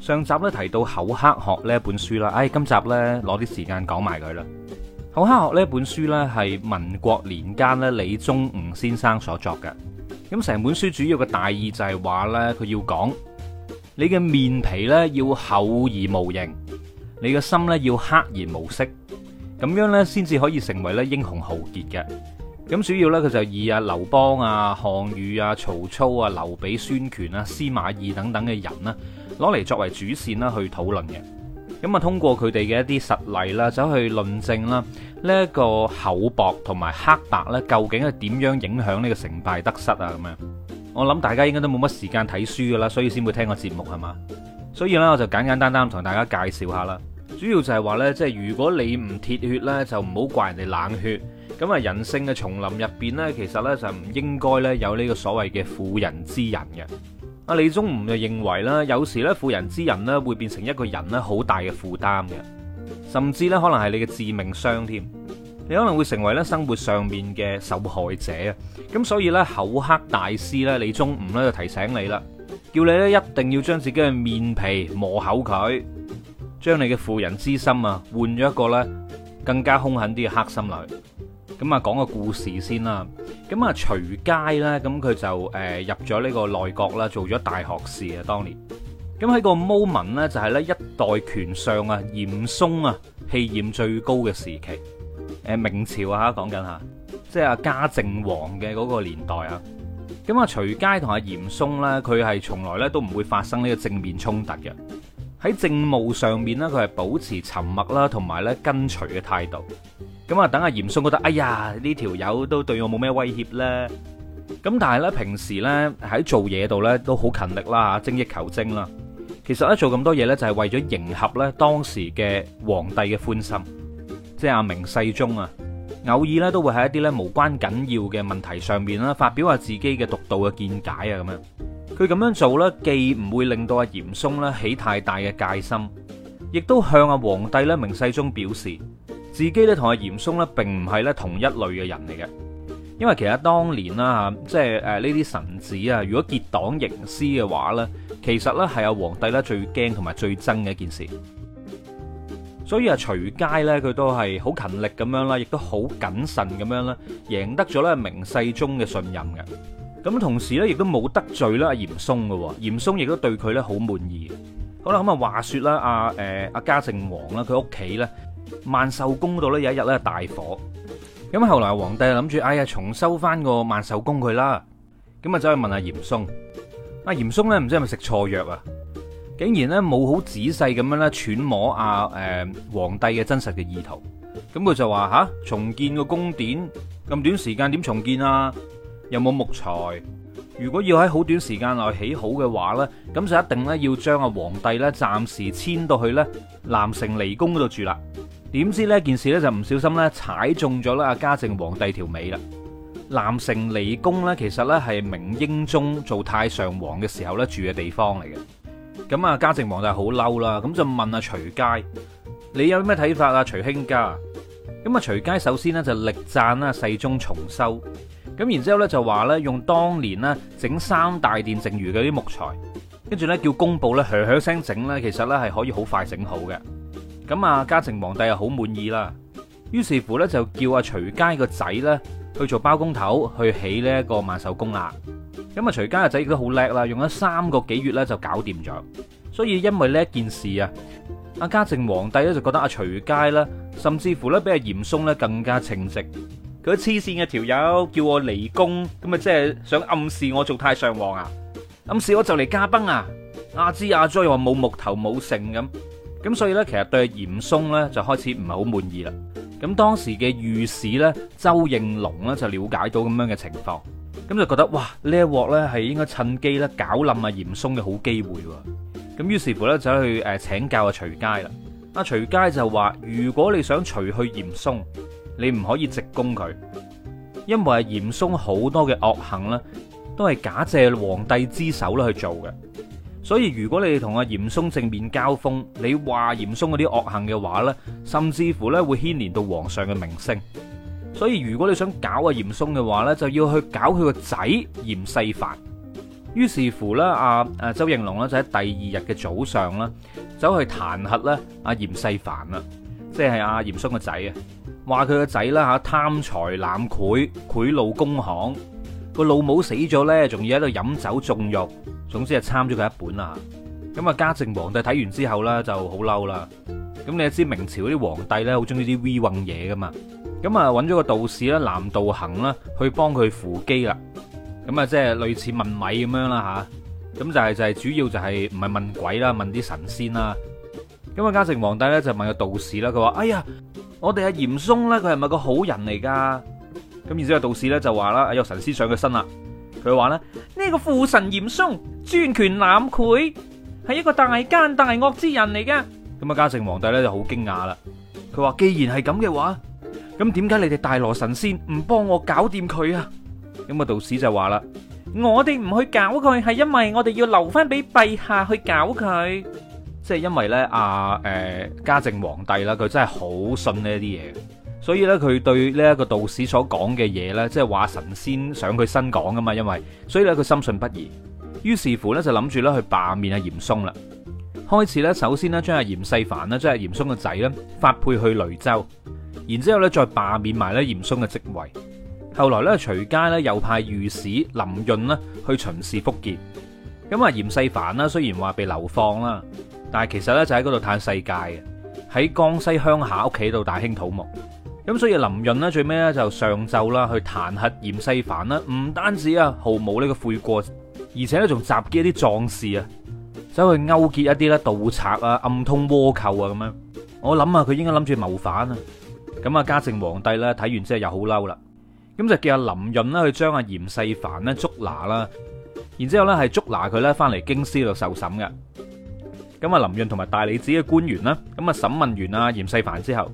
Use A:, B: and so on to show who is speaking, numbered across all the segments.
A: 上集咧，提到《厚黑學》呢一本書啦，唉，今集呢，攞啲時間講埋佢啦。《厚黑學》呢本書呢，係民國年間呢李宗吾先生所作嘅。咁成本書主要嘅大意就係話呢，佢要講你嘅面皮呢，要厚而無形，你嘅心呢，要黑而無色，咁樣呢，先至可以成為呢英雄豪傑嘅。咁主要呢，佢就以啊劉邦啊、項羽啊、曹操啊、劉備、孫權啊、司馬懿等等嘅人啦。攞嚟作為主線啦，去討論嘅。咁啊，通過佢哋嘅一啲實例啦，走去論證啦，呢一個厚薄同埋黑白呢，究竟係點樣影響呢個成敗得失啊？咁樣，我諗大家應該都冇乜時間睇書㗎啦，所以先會聽個節目係嘛。所以呢，我就簡簡單單同大家介紹下啦。主要就係話呢，即係如果你唔鐵血呢，就唔好怪人哋冷血。咁啊，人性嘅叢林入面呢，其實呢，就唔應該呢，有呢個所謂嘅婦人之仁嘅。阿李宗吾就認為啦，有時咧富人之仁咧會變成一個人咧好大嘅負擔嘅，甚至咧可能係你嘅致命傷添，你可能會成為咧生活上面嘅受害者啊！咁所以咧厚黑大師咧李宗吾咧就提醒你啦，叫你咧一定要將自己嘅面皮磨厚佢，將你嘅婦人之心啊換咗一個咧更加凶狠啲嘅黑心來。咁啊講個故事先啦。咁啊，徐階咧，咁佢就誒入咗呢個內閣啦，做咗大學士啊。當年，咁喺個 moment 呢，就係咧一代權相啊，嚴嵩啊，氣焰最高嘅時期。誒明朝啊，講緊下，即係阿嘉靖王嘅嗰個年代啊。咁啊，徐階同阿嚴嵩咧，佢係從來咧都唔會發生呢個正面衝突嘅。喺政務上面咧，佢係保持沉默啦，同埋咧跟隨嘅態度。咁啊，等阿嚴嵩覺得，哎呀，呢條友都對我冇咩威脅啦。咁但係呢，平時呢喺做嘢度呢都好勤力啦，精益求精啦。其實呢做咁多嘢呢就係為咗迎合呢當時嘅皇帝嘅歡心，即係阿明世宗啊，偶爾呢都會喺一啲呢無關緊要嘅問題上面呢，發表下自己嘅獨到嘅見解啊咁樣。佢咁樣做呢，既唔會令到阿嚴嵩呢起太大嘅戒心，亦都向阿皇帝呢明世宗表示，自己咧同阿嚴嵩咧並唔係咧同一類嘅人嚟嘅，因為其實當年啦，即係誒呢啲臣子啊，如果結黨營私嘅話咧，其實咧係阿皇帝咧最驚同埋最憎嘅一件事。所以啊，徐階咧佢都係好勤力咁樣啦，亦都好謹慎咁樣咧，贏得咗咧明世宗嘅信任嘅。咁同時咧，亦都冇得罪咧阿嚴嵩噶，嚴嵩亦都對佢咧好滿意。好啦，咁啊，話說啦，阿誒阿嘉靖王啦，佢屋企咧。萬壽宮度咧有一日咧大火，咁後來皇帝諗住，哎呀，重修翻個萬壽宮佢啦。咁啊，走去問阿嚴嵩，阿嚴嵩咧唔知係咪食錯藥啊，竟然咧冇好仔細咁樣咧揣摩阿誒皇帝嘅真實嘅意圖。咁佢就話吓、啊、重建個宮殿咁短時間點重建啊？有冇木材？如果要喺好短時間內起好嘅話咧，咁就一定咧要將阿皇帝咧暫時遷到去咧南城離宮嗰度住啦。點知呢件事咧就唔小心咧踩中咗啦，阿嘉靖皇帝條尾啦，南城離宮咧其實咧係明英宗做太上皇嘅時候咧住嘅地方嚟嘅。咁啊，嘉靖皇帝好嬲啦，咁就問阿徐階：「你有咩睇法啊？徐卿家？」咁啊，徐階首先呢就力讚啦，世宗重修。咁然之後咧就話咧用當年呢整三大殿剩餘嗰啲木材，跟住咧叫工部咧噓噓聲整咧，其實咧係可以快好快整好嘅。咁啊，嘉靖皇帝就好滿意啦，於是乎咧就叫阿徐階個仔咧去做包工頭去起呢一個萬壽宮啦。咁啊，徐階個仔亦都好叻啦，用咗三個幾月咧就搞掂咗。所以因為呢一件事啊，阿嘉靖皇帝咧就覺得阿徐階啦，甚至乎咧比阿嚴嵩咧更加稱職。佢黐線嘅條友，叫我離宮，咁啊即係想暗示我做太上皇啊，暗示我就嚟駕崩啊，之啊，之啊，阿知阿追又話冇木頭冇剩咁。咁所以咧，其實對嚴嵩咧就開始唔係好滿意啦。咁當時嘅御史咧，周應龍咧就了解到咁樣嘅情況，咁就覺得哇，呢一鑊咧係應該趁機咧搞冧阿嚴嵩嘅好機會。咁於是乎咧就去誒請教阿徐階啦。阿徐階就話：如果你想除去嚴嵩，你唔可以直攻佢，因為嚴嵩好多嘅惡行咧都係假借皇帝之手咧去做嘅。所以如果你哋同阿嚴嵩正面交鋒，你話嚴嵩嗰啲惡行嘅話呢，甚至乎咧會牽連到皇上嘅名聲。所以如果你想搞阿嚴嵩嘅話呢，就要去搞佢個仔嚴世蕃。於是乎呢阿阿周應龍呢，就喺第二日嘅早上咧，走去彈劾咧阿嚴世蕃，啦，即係阿嚴嵩個仔啊，話佢個仔啦嚇貪財濫賄，賄賂公行。個老母死咗咧，仲要喺度飲酒縱欲，總之係參咗佢一本啦。咁啊，嘉靖皇帝睇完之後咧就好嬲啦。咁你知明朝嗰啲皇帝咧好中意啲歪混嘢噶嘛？咁啊，揾咗個道士啦，南道行啦，去幫佢扶乩啦。咁啊，即係類似問米咁樣啦吓。咁就係就係主要就係唔係問鬼啦，問啲神仙啦。咁啊，嘉靖皇帝咧就問個道士啦，佢話：哎呀，我哋阿嚴嵩咧，佢係咪個好人嚟噶？咁然之後道士咧就話啦，有神仙上佢身啦。佢話咧呢個父神嚴嵩專權攬賄，係一個大奸大惡之人嚟㗎。咁啊嘉靖皇帝咧就好驚訝啦。佢話既然係咁嘅話，咁點解你哋大羅神仙唔幫我搞掂佢啊？咁啊道士就話啦，我哋唔去搞佢，係因為我哋要留翻俾陛下去搞佢。即係因為咧啊誒嘉靖皇帝啦，佢真係好信呢一啲嘢。所以咧，佢對呢一個道士所講嘅嘢咧，即係話神仙上佢身講噶嘛，因為所以咧，佢深信不疑。於是乎咧，就諗住咧去罷免阿嚴嵩啦。開始咧，首先咧將阿嚴世凡咧，即係嚴嵩嘅仔咧，發配去雷州。然之後咧，再罷免埋咧嚴嵩嘅職位。後來咧，徐階咧又派御史林潤咧去巡視福建。咁阿嚴世凡呢，雖然話被流放啦，但係其實咧就喺嗰度嘆世界嘅喺江西鄉下屋企度大興土木。咁所以林潤最尾咧就上晝啦去彈劾嚴世蕃，啦，唔單止啊毫無呢個悔過，而且咧仲襲擊一啲壯士啊，走去勾結一啲咧盜賊啊、暗通倭寇啊咁樣。我諗啊，佢應該諗住謀反啊。咁啊，嘉靖皇帝咧睇完之後又好嬲啦，咁就叫阿林潤啦去將阿嚴世蕃咧捉拿啦，然之後咧係捉拿佢咧翻嚟京師度受審嘅。咁啊，林潤同埋大理寺嘅官員啦，咁啊審問完啊嚴世蕃之後。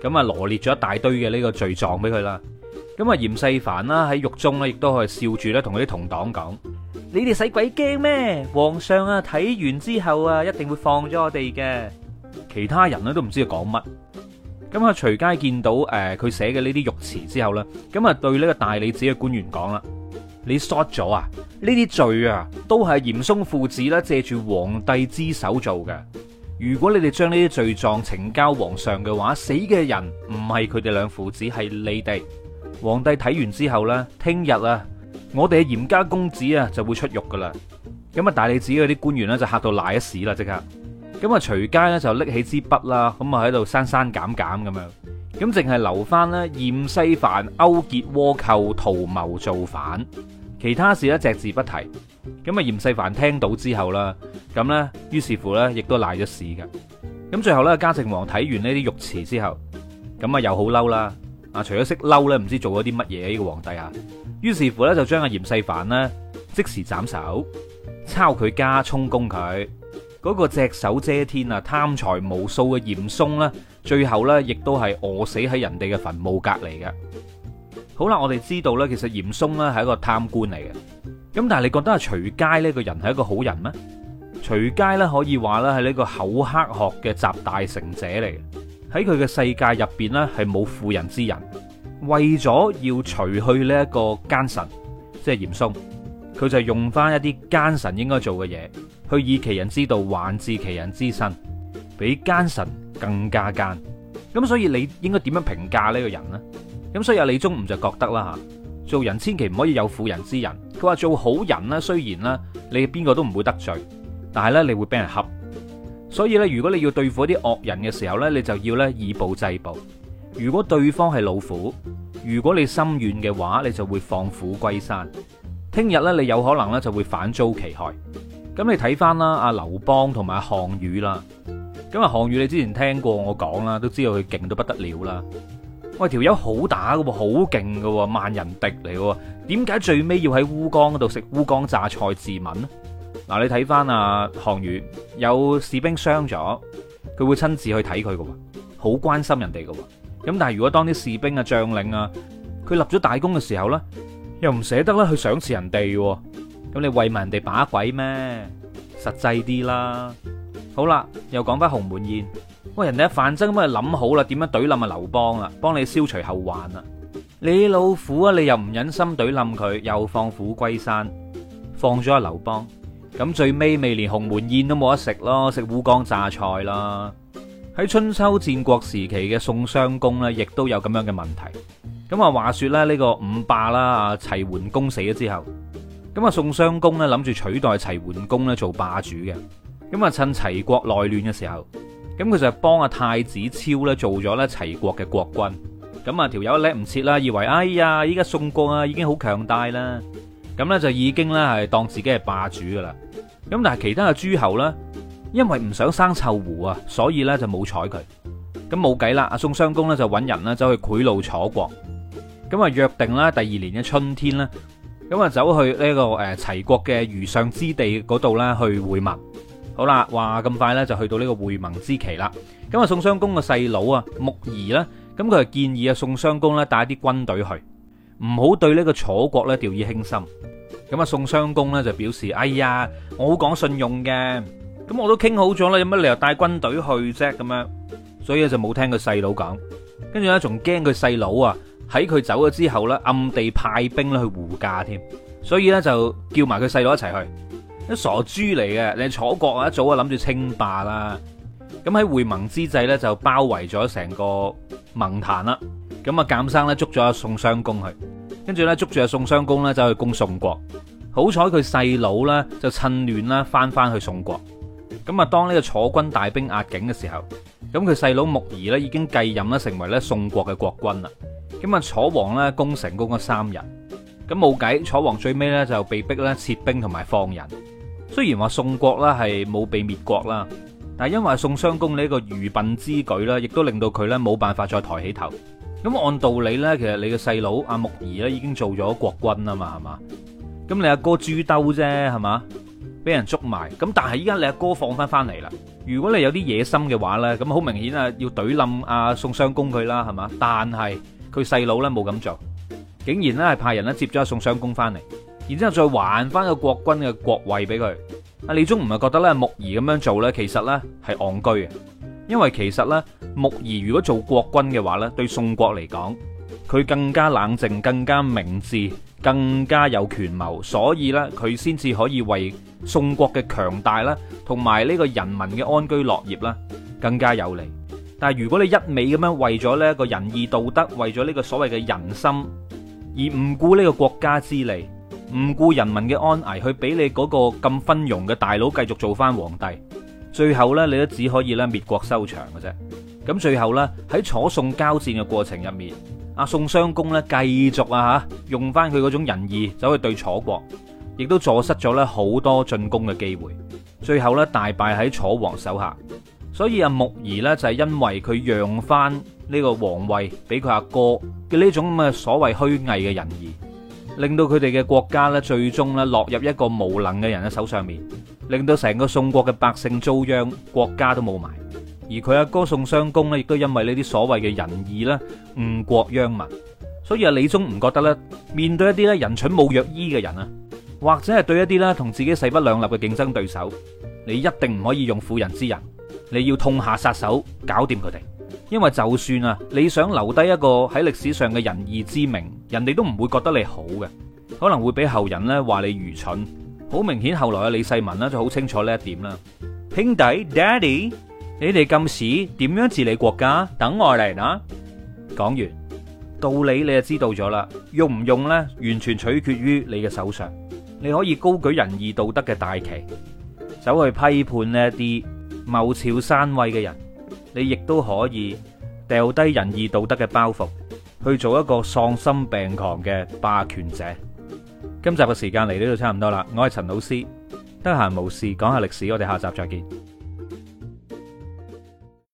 A: 咁啊，羅列咗一大堆嘅呢個罪狀俾佢啦。咁啊，嚴世蕃啦喺獄中咧，亦都係笑住咧，同佢啲同黨講：，你哋使鬼驚咩？皇上啊，睇完之後啊，一定會放咗我哋嘅。其他人咧都唔知佢講乜。咁啊，徐階見到誒佢寫嘅呢啲獄詞之後咧，咁啊對呢個大理寺嘅官員講啦：，你 short 咗啊，呢啲罪啊，都係嚴嵩父子咧借住皇帝之手做嘅。如果你哋將呢啲罪狀呈交皇上嘅話，死嘅人唔係佢哋兩父子，係你哋。皇帝睇完之後呢，聽日啊，我哋嘅嚴家公子啊就會出獄噶啦。咁啊，大理寺嗰啲官員呢就吓到瀨一屎啦，即刻。咁啊，徐階呢就拎起支筆啦，咁啊喺度刪刪減減咁樣，咁淨係留翻呢，嚴西凡勾結倭寇圖謀造反，其他事呢，隻字不提。咁啊！嚴世蕃聽到之後啦，咁呢，於是乎呢，亦都賴咗事嘅。咁最後呢，嘉靖王睇完呢啲玉辭之後，咁啊，又好嬲啦。啊，除咗識嬲呢，唔知做咗啲乜嘢呢個皇帝啊？於是乎呢，就將阿嚴世蕃呢，即時斬首，抄佢家充公佢。嗰個隻手遮天啊，貪財無數嘅嚴嵩呢，最後呢，亦都係餓死喺人哋嘅墳墓隔籬嘅。好啦，我哋知道呢，其實嚴嵩呢係一個貪官嚟嘅。咁但係你覺得啊，徐階呢個人係一個好人咩？徐階呢，可以話呢係呢個口黑學嘅集大成者嚟嘅。喺佢嘅世界入邊呢，係冇婦人之人。為咗要除去呢一個奸臣，即係嚴嵩，佢就用翻一啲奸臣應該做嘅嘢，去以其人之道還治其人之身，比奸臣更加奸。咁所以你應該點樣評價呢個人呢？咁所以阿李宗吾就覺得啦吓，做人千祈唔可以有婦人之仁。佢話做好人咧，雖然咧你邊個都唔會得罪，但係咧你會俾人恰。所以咧，如果你要對付啲惡人嘅時候咧，你就要咧以暴制暴。如果對方係老虎，如果你心軟嘅話，你就會放虎歸山。聽日咧，你有可能咧就會反遭其害。咁你睇翻啦，阿劉邦同埋阿項羽啦。今日項羽你之前聽過我講啦，都知道佢勁到不得了啦。喂，條友好打噶，好勁噶，萬人敵嚟噶，點解最尾要喺烏江嗰度食烏江榨菜自刎咧？嗱、啊，你睇翻啊，項羽有士兵傷咗，佢會親自去睇佢噶，好關心人哋噶。咁但係如果當啲士兵啊、將領啊，佢立咗大功嘅時候呢，又唔捨得啦去賞賜人哋，咁你為埋人哋把鬼咩？實際啲啦。好啦，又講翻鴻門宴。喂，人哋阿范增咁啊，諗好啦，點樣懟冧阿劉邦啦，幫你消除後患啦。你老虎啊，你又唔忍心懟冧佢，又放虎歸山，放咗阿劉邦咁最尾未連鴻門宴都冇得食咯，食烏江榨菜啦。喺春秋戰國時期嘅宋襄公呢，亦都有咁樣嘅問題。咁啊，話說咧呢、呢個五霸啦，啊齊桓公死咗之後，咁啊宋襄公呢，諗住取代齊桓公呢做霸主嘅，咁啊趁齊國內亂嘅時候。咁佢就係幫阿太子超咧做咗咧齊國嘅國君，咁啊條友叻唔切啦，以為哎呀依家宋國啊已經好強大啦，咁咧就已經咧係當自己係霸主噶啦，咁但係其他嘅諸侯咧，因為唔想生臭狐啊，所以咧就冇睬佢，咁冇計啦，阿宋襄公咧就揾人啦走去賄賂楚國，咁啊約定啦第二年嘅春天啦。咁啊走去呢個誒齊國嘅魚上之地嗰度啦去會盟。好啦，話咁快咧就去到呢個會盟之期啦。咁啊，宋襄公個細佬啊木儀咧，咁佢就建議啊宋襄公咧帶一啲軍隊去，唔好對呢個楚國咧掉以輕心。咁啊，宋襄公咧就表示：哎呀，我好講信用嘅，咁我都傾好咗啦，有乜理由帶軍隊去啫？咁樣，所以就冇聽佢細佬講。跟住咧，仲驚佢細佬啊喺佢走咗之後咧暗地派兵咧去護駕添，所以咧就叫埋佢細佬一齊去。傻豬嚟嘅，你楚國啊，一早啊諗住稱霸啦。咁喺會盟之際咧，就包圍咗成個盟壇啦。咁啊，監生咧捉咗阿宋襄公去，跟住咧捉住阿宋襄公咧走去攻宋國。好彩佢細佬咧就趁亂啦翻翻去宋國。咁啊，當呢個楚軍大兵壓境嘅時候，咁佢細佬木兒呢已經繼任啦，成為咧宋國嘅國君啦。咁啊，楚王咧攻城攻咗三人，咁冇計，楚王最尾咧就被逼咧撤兵同埋放人。雖然話宋國啦係冇被滅國啦，但係因為宋襄公呢個愚笨之舉啦，亦都令到佢咧冇辦法再抬起頭。咁按道理咧，其實你嘅細佬阿木兒咧已經做咗國君啊嘛，係嘛？咁你阿哥豬兜啫，係嘛？俾人捉埋，咁但係依家你阿哥放翻翻嚟啦。如果你有啲野心嘅話咧，咁好明顯啊要懟冧阿宋襄公佢啦，係嘛？但係佢細佬咧冇咁做，竟然咧係派人咧接咗阿宋襄公翻嚟。然之後再還翻個國君嘅國位俾佢。阿李宗唔係覺得咧目夷咁樣做咧，其實咧係戇居嘅，因為其實咧目夷如果做國君嘅話咧，對宋國嚟講佢更加冷靜，更加明智，更加有權謀，所以咧佢先至可以為宋國嘅強大啦，同埋呢個人民嘅安居樂業啦更加有利。但係如果你一味咁樣為咗呢個仁義道德，為咗呢個所謂嘅人心而唔顧呢個國家之利，唔顧人民嘅安危，去俾你嗰個咁昏庸嘅大佬繼續做翻皇帝，最後呢，你都只可以咧滅國收場嘅啫。咁最後呢，喺楚宋交戰嘅過程入面，阿宋襄公呢繼續啊吓用翻佢嗰種仁義走去對楚國，亦都坐失咗咧好多進攻嘅機會，最後呢，大敗喺楚王手下。所以阿目夷呢，就係因為佢讓翻呢個皇位俾佢阿哥嘅呢種咁嘅所謂虛偽嘅仁義。令到佢哋嘅國家咧，最終咧落入一個無能嘅人嘅手上面，令到成個宋國嘅百姓遭殃，國家都冇埋。而佢阿哥宋襄公呢亦都因為呢啲所謂嘅仁義咧誤國殃民。所以啊，李宗吾覺得咧，面對一啲咧人蠢冇藥醫嘅人啊，或者係對一啲咧同自己勢不兩立嘅競爭對手，你一定唔可以用婦人之仁，你要痛下殺手，搞掂佢哋。因為就算啊，你想留低一個喺歷史上嘅仁義之名，人哋都唔會覺得你好嘅，可能會俾後人咧話你愚蠢。好明顯，後來嘅李世民就好清楚呢一點啦。兄弟，爹哋，你哋咁屎，點樣治理國家？等我嚟啊！講完道理，你就知道咗啦。用唔用呢？完全取決於你嘅手上。你可以高舉仁義道德嘅大旗，走去批判呢啲謀朝篡位嘅人。你亦都可以掉低仁義道德嘅包袱，去做一個喪心病狂嘅霸權者。今集嘅時間嚟到呢度差唔多啦，我係陳老師，得閒無事講下歷史，我哋下集再見。